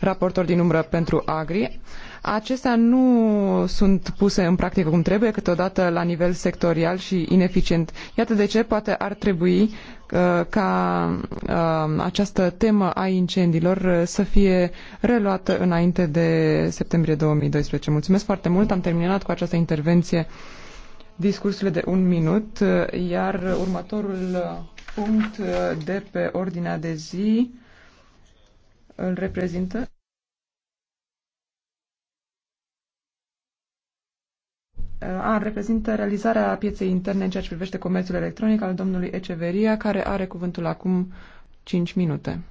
raportor din umbră pentru Agri. Acestea nu sunt puse în practică cum trebuie, câteodată la nivel sectorial și ineficient. Iată de ce poate ar trebui uh, ca uh, această temă a incendiilor uh, să fie reluată înainte de septembrie 2012. Mulțumesc foarte mult, am terminat cu această intervenție discursurile de un minut, iar următorul punct de pe ordinea de zi îl reprezintă. A, reprezintă realizarea pieței interne în ceea ce privește comerțul electronic al domnului Eceveria, care are cuvântul acum 5 minute.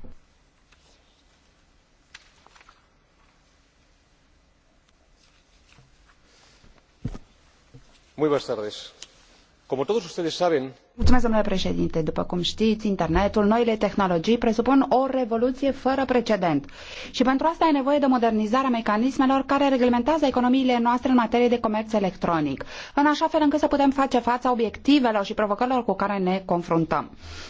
Muy buenas tardes. Como todos ustedes saben, Mulțumesc, domnule președinte. După cum știți, internetul, noile tehnologii presupun o revoluție fără precedent. Și pentru asta e nevoie de modernizarea mecanismelor care reglementează economiile noastre în materie de comerț electronic, în așa fel încât să putem face fața obiectivelor și provocărilor cu care ne confruntăm.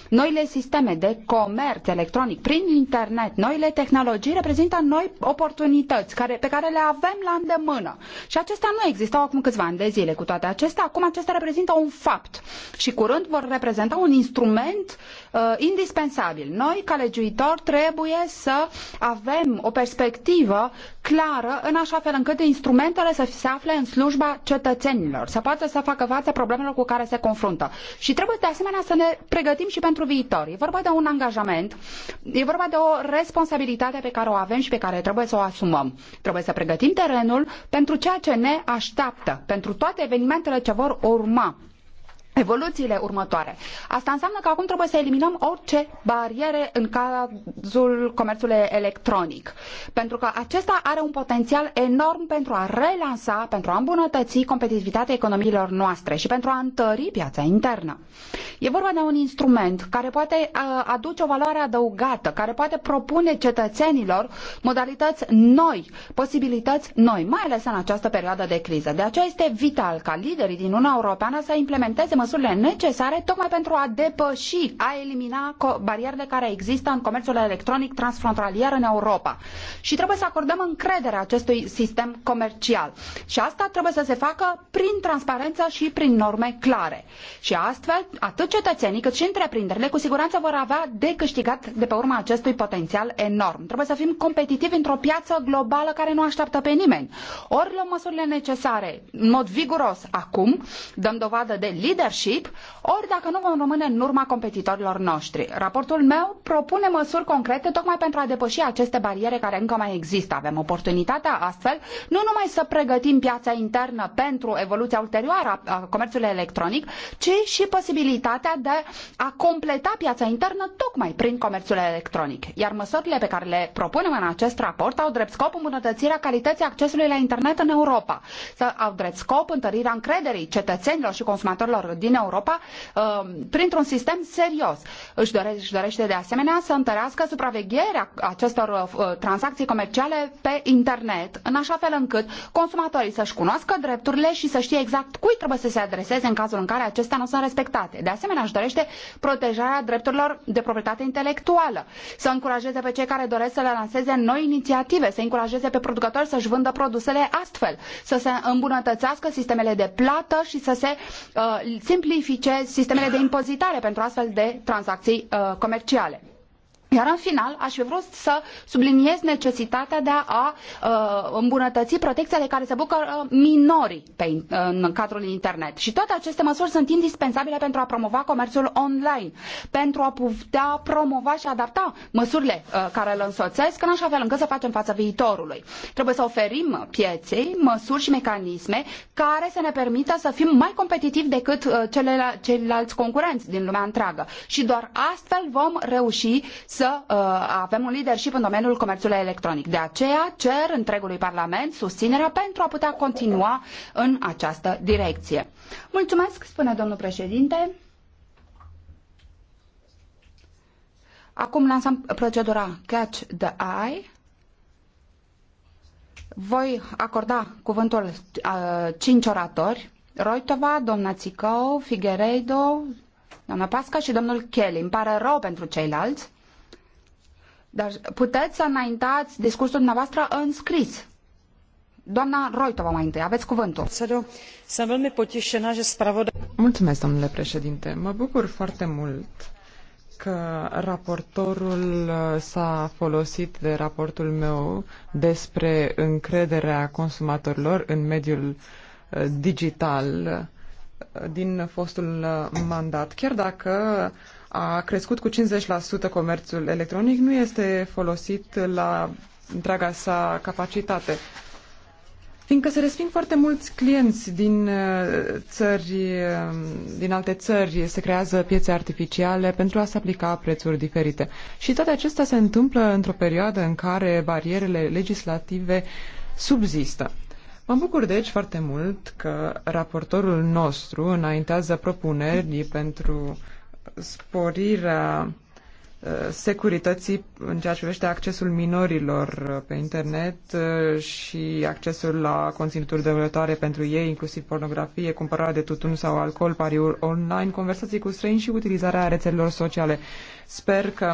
Noile sisteme de comerț electronic prin internet, noile tehnologii reprezintă noi oportunități care, pe care le avem la îndemână. Și acestea nu existau acum câțiva ani de zile. Cu toate acestea, acum acestea reprezintă un fapt. Și curând vor reprezenta un instrument uh, indispensabil. Noi, ca legiuitori, trebuie să avem o perspectivă clară în așa fel încât instrumentele să se afle în slujba cetățenilor, să poată să facă față problemelor cu care se confruntă. Și trebuie de asemenea să ne pregătim și pentru viitor. E vorba de un angajament, e vorba de o responsabilitate pe care o avem și pe care trebuie să o asumăm. Trebuie să pregătim terenul pentru ceea ce ne așteaptă, pentru toate evenimentele ce vor urma evoluțiile următoare. Asta înseamnă că acum trebuie să eliminăm orice bariere în cazul comerțului electronic, pentru că acesta are un potențial enorm pentru a relansa, pentru a îmbunătăți competitivitatea economiilor noastre și pentru a întări piața internă. E vorba de un instrument care poate uh, aduce o valoare adăugată, care poate propune cetățenilor modalități noi, posibilități noi, mai ales în această perioadă de criză. De aceea este vital ca liderii din Uniunea Europeană să implementeze măsurile necesare tocmai pentru a depăși, a elimina barierele care există în comerțul electronic transfrontalier în Europa. Și trebuie să acordăm încredere acestui sistem comercial. Și asta trebuie să se facă prin transparență și prin norme clare. Și astfel, atât cetățenii cât și întreprinderile cu siguranță vor avea de câștigat de pe urma acestui potențial enorm. Trebuie să fim competitivi într-o piață globală care nu așteaptă pe nimeni. Ori luăm măsurile necesare în mod viguros acum, dăm dovadă de lider leadership, ori dacă nu vom rămâne în urma competitorilor noștri. Raportul meu propune măsuri concrete tocmai pentru a depăși aceste bariere care încă mai există. Avem oportunitatea astfel nu numai să pregătim piața internă pentru evoluția ulterioară a comerțului electronic, ci și posibilitatea de a completa piața internă tocmai prin comerțul electronic. Iar măsurile pe care le propunem în acest raport au drept scop îmbunătățirea calității accesului la internet în Europa, să au drept scop întărirea încrederii cetățenilor și consumatorilor din Europa uh, printr-un sistem serios. Își dorește, își dorește de asemenea să întărească supravegherea acestor uh, uh, tranzacții comerciale pe internet, în așa fel încât consumatorii să-și cunoască drepturile și să știe exact cui trebuie să se adreseze în cazul în care acestea nu sunt respectate. De asemenea, își dorește protejarea drepturilor de proprietate intelectuală, să încurajeze pe cei care doresc să le lanseze noi inițiative, să încurajeze pe producători să-și vândă produsele astfel, să se îmbunătățească sistemele de plată și să se uh, simplifice sistemele de impozitare pentru astfel de tranzacții uh, comerciale. Iar în final, aș fi vrut să subliniez necesitatea de a uh, îmbunătăți protecția de care se bucură uh, minorii pe, uh, în cadrul internet. Și toate aceste măsuri sunt indispensabile pentru a promova comerțul online, pentru a putea promova și adapta măsurile care îl însoțesc, în așa fel încât să facem față viitorului. Trebuie să oferim pieței măsuri și mecanisme care să ne permită să fim mai competitivi decât celelalte, ceilalți concurenți din lumea întreagă. Și doar astfel vom reuși să să uh, avem un leadership în domeniul comerțului electronic. De aceea cer întregului Parlament susținerea pentru a putea continua în această direcție. Mulțumesc, spune domnul președinte. Acum lansăm procedura Catch the Eye. Voi acorda cuvântul uh, cinci oratori. Roitova, doamna Țicău, Figueiredo, doamna Pasca și domnul Kelly. Îmi pare rău pentru ceilalți. Dar puteți să înaintați discursul dumneavoastră în scris. Doamna Roitova mai întâi, aveți cuvântul. Mulțumesc, domnule președinte. Mă bucur foarte mult că raportorul s-a folosit de raportul meu despre încrederea consumatorilor în mediul eh, digital eh, din fostul eh, mandat, chiar dacă a crescut cu 50% comerțul electronic, nu este folosit la întreaga sa capacitate. Fiindcă se resping foarte mulți clienți din uh, țări, uh, din alte țări, se creează piețe artificiale pentru a se aplica prețuri diferite. Și toate acestea se întâmplă într-o perioadă în care barierele legislative subzistă. Mă bucur deci foarte mult că raportorul nostru înaintează propuneri pentru sporirea uh, securității în ceea ce privește accesul minorilor uh, pe internet uh, și accesul la conținuturi dăunătoare pentru ei, inclusiv pornografie, cumpărarea de tutun sau alcool, pariuri online, conversații cu străini și utilizarea rețelelor sociale. Sper că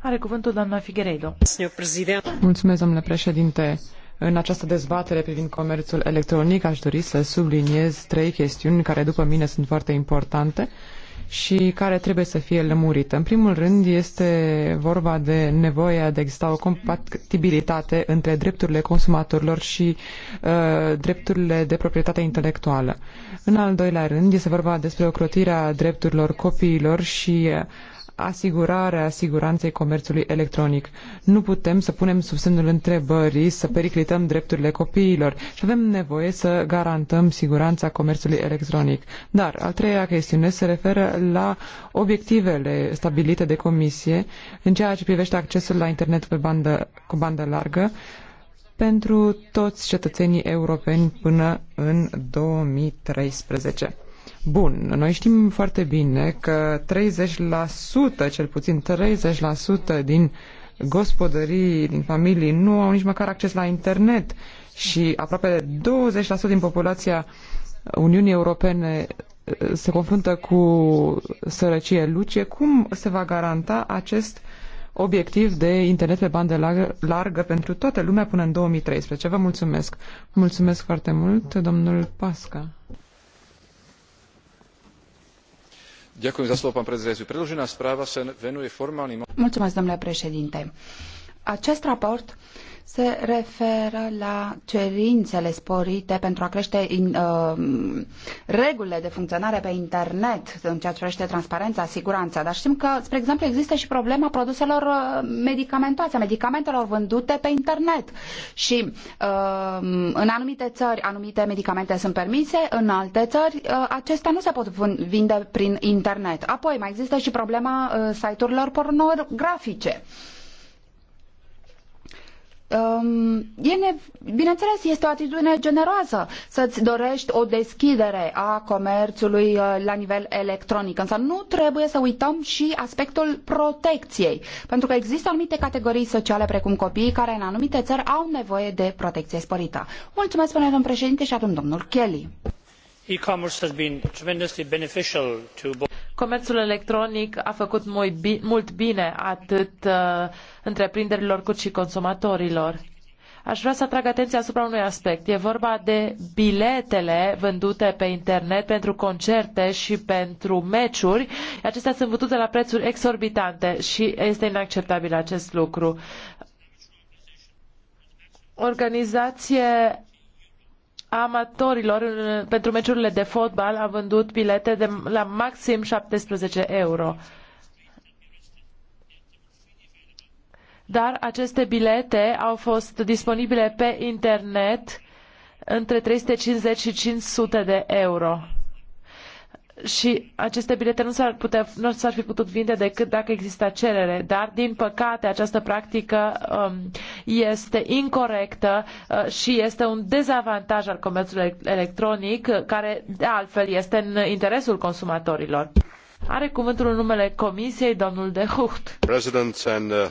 are cuvântul Mulțumesc, domnule președinte. În această dezbatere privind comerțul electronic aș dori să subliniez trei chestiuni care, după mine, sunt foarte importante și care trebuie să fie lămurite. În primul rând este vorba de nevoia de a exista o compatibilitate între drepturile consumatorilor și uh, drepturile de proprietate intelectuală. În al doilea rând este vorba despre ocrotirea drepturilor copiilor și uh, asigurarea siguranței comerțului electronic. Nu putem să punem sub semnul întrebării, să periclităm drepturile copiilor și avem nevoie să garantăm siguranța comerțului electronic. Dar al treia chestiune se referă la obiectivele stabilite de comisie în ceea ce privește accesul la internet pe bandă, cu bandă largă pentru toți cetățenii europeni până în 2013. Bun, noi știm foarte bine că 30%, cel puțin 30% din gospodării, din familii, nu au nici măcar acces la internet și aproape 20% din populația Uniunii Europene uh, se confruntă cu sărăcie lucie, cum se va garanta acest obiectiv de internet pe bandă largă, largă pentru toată lumea până în 2013? Vă mulțumesc! Mulțumesc foarte mult, domnul Pasca! predložená správa sa venuje formálnym. acest raport se referă la cerințele sporite pentru a crește in, uh, regulile de funcționare pe internet în ceea ce privește transparența, siguranța. Dar știm că, spre exemplu, există și problema produselor uh, medicamentoase, medicamentelor vândute pe internet. Și uh, în anumite țări anumite medicamente sunt permise, în alte țări uh, acestea nu se pot vinde prin internet. Apoi mai există și problema uh, site-urilor pornografice. Uh, Um, e ne... Bineînțeles, este o atitudine generoasă să-ți dorești o deschidere a comerțului uh, la nivel electronic, însă nu trebuie să uităm și aspectul protecției, pentru că există anumite categorii sociale, precum copiii, care în anumite țări au nevoie de protecție sporită. Mulțumesc, până domnul președinte, și acum domnul Kelly. E-commerce has been tremendously beneficial to both Comerțul electronic a făcut mult bine atât uh, întreprinderilor cât și consumatorilor. Aș vrea să atrag atenția asupra unui aspect. E vorba de biletele vândute pe internet pentru concerte și pentru meciuri. Acestea sunt vândute la prețuri exorbitante și este inacceptabil acest lucru organizație amatorilor pentru meciurile de fotbal a vândut bilete de la maxim 17 euro. Dar aceste bilete au fost disponibile pe internet între 350 și 500 de euro. Și aceste bilete nu s-ar, putea, nu s-ar fi putut vinde decât dacă exista cerere, dar din păcate această practică um, este incorrectă uh, și este un dezavantaj al comerțului electronic, uh, care de altfel este în interesul consumatorilor. Are cuvântul în numele Comisiei domnul de Hucht. Uh,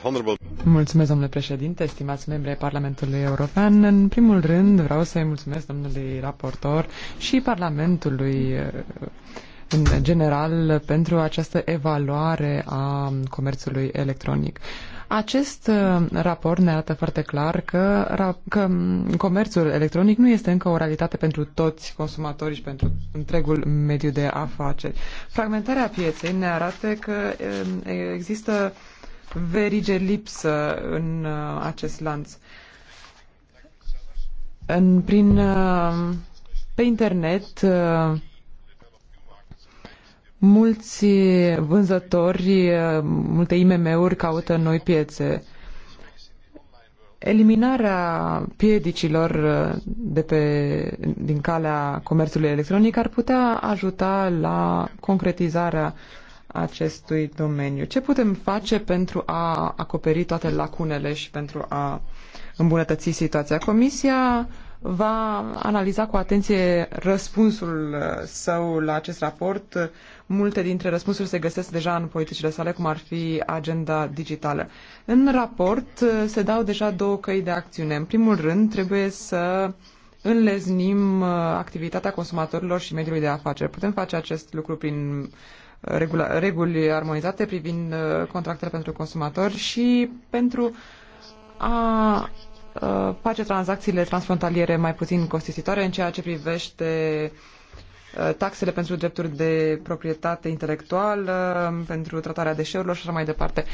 mulțumesc, domnule președinte, stimați membri ai Parlamentului European. În primul rând vreau să-i mulțumesc domnului raportor și Parlamentului în general pentru această evaluare a comerțului electronic. Acest uh, raport ne arată foarte clar că, că mm, comerțul electronic nu este încă o realitate pentru toți consumatorii și pentru întregul mediu de afaceri. Fragmentarea pieței ne arată că um, există verige lipsă în uh, acest lanț. În, prin, uh, pe internet Mulți vânzători, multe IMM-uri caută noi piețe. Eliminarea piedicilor de pe, din calea comerțului electronic ar putea ajuta la concretizarea acestui domeniu. Ce putem face pentru a acoperi toate lacunele și pentru a îmbunătăți situația? Comisia va analiza cu atenție răspunsul uh, său la acest raport. Multe dintre răspunsuri se găsesc deja în politicile sale, cum ar fi agenda digitală. În raport uh, se dau deja două căi de acțiune. În primul rând, trebuie să înleznim uh, activitatea consumatorilor și mediului de afaceri. Putem face acest lucru prin regula, reguli armonizate privind contractele pentru consumatori și pentru a Uh, face tranzacțiile transfrontaliere mai puțin costisitoare în ceea ce privește uh, taxele pentru drepturi de proprietate intelectuală, pentru tratarea deșeurilor și așa mai departe.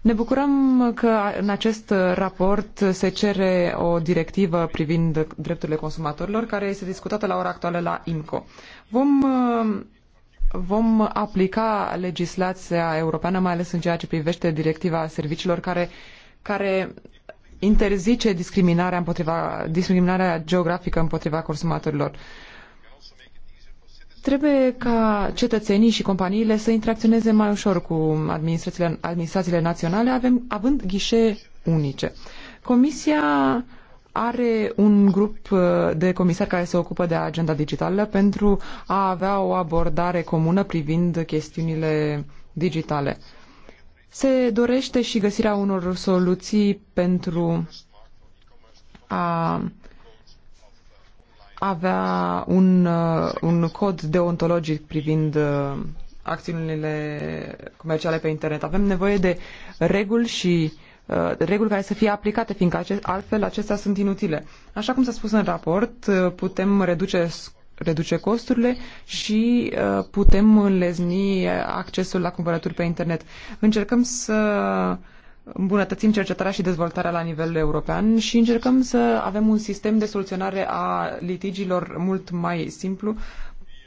Ne bucurăm că în acest raport se cere o directivă privind drepturile consumatorilor, care este discutată la ora actuală la IMCO. Vom uh, vom aplica legislația europeană, mai ales în ceea ce privește directiva serviciilor, care, care interzice discriminarea, împotriva, discriminarea geografică împotriva consumatorilor. Trebuie ca cetățenii și companiile să interacționeze mai ușor cu administrațiile, administrațiile naționale, avem, având ghișe unice. Comisia are un grup uh, de comisari care se ocupă de agenda digitală pentru a avea o abordare comună privind chestiunile digitale. Se dorește și găsirea unor soluții pentru a avea un, uh, un cod deontologic privind uh, acțiunile comerciale pe internet. Avem nevoie de reguli și uh, reguli care să fie aplicate, fiindcă altfel acestea sunt inutile. Așa cum s-a spus în raport, uh, putem reduce reduce costurile și uh, putem înlezni accesul la cumpărături pe internet. Încercăm să îmbunătățim cercetarea și dezvoltarea la nivel european și încercăm să avem un sistem de soluționare a litigiilor mult mai simplu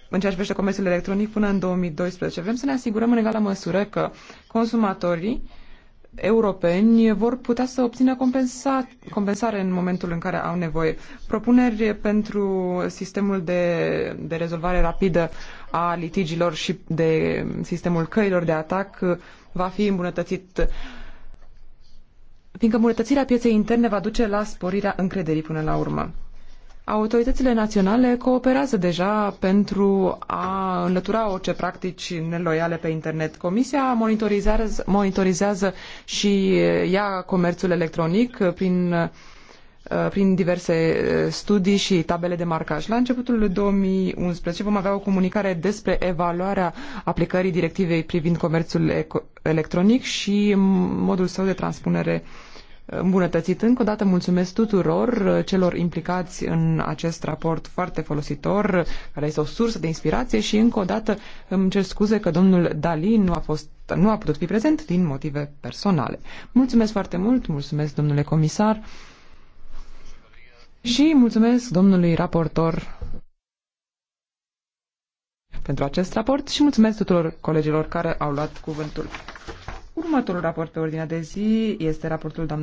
în ceea ce privește comerțul electronic până în 2012. Vrem să ne asigurăm în egală măsură că consumatorii uh, europeni vor putea să obțină compensa, compensare în momentul în care au nevoie. Propuneri pentru sistemul de, de rezolvare rapidă a litigilor și de sistemul căilor de atac va fi îmbunătățit fiindcă îmbunătățirea pieței interne va duce la sporirea încrederii până la urmă. Autoritățile naționale cooperează deja pentru a înlătura orice practici neloiale pe internet. Comisia monitorizează, monitorizează și ia comerțul electronic prin, uh, prin diverse uh, studii și tabele de marcaj. La începutul 2011 vom avea o comunicare despre evaluarea aplicării directivei privind comerțul electronic și modul său de transpunere uh, îmbunătățit. Încă o dată mulțumesc tuturor uh, celor implicați în acest raport foarte folositor, care este o sursă de inspirație și încă o dată îmi cer scuze că domnul Dali nu a, fost, nu a putut fi prezent din motive personale. Mulțumesc foarte mult, mulțumesc domnule comisar și mulțumesc domnului raportor pentru acest raport și mulțumesc tuturor colegilor care au luat cuvântul. Următorul raport pe ordinea de zi este raportul doamnei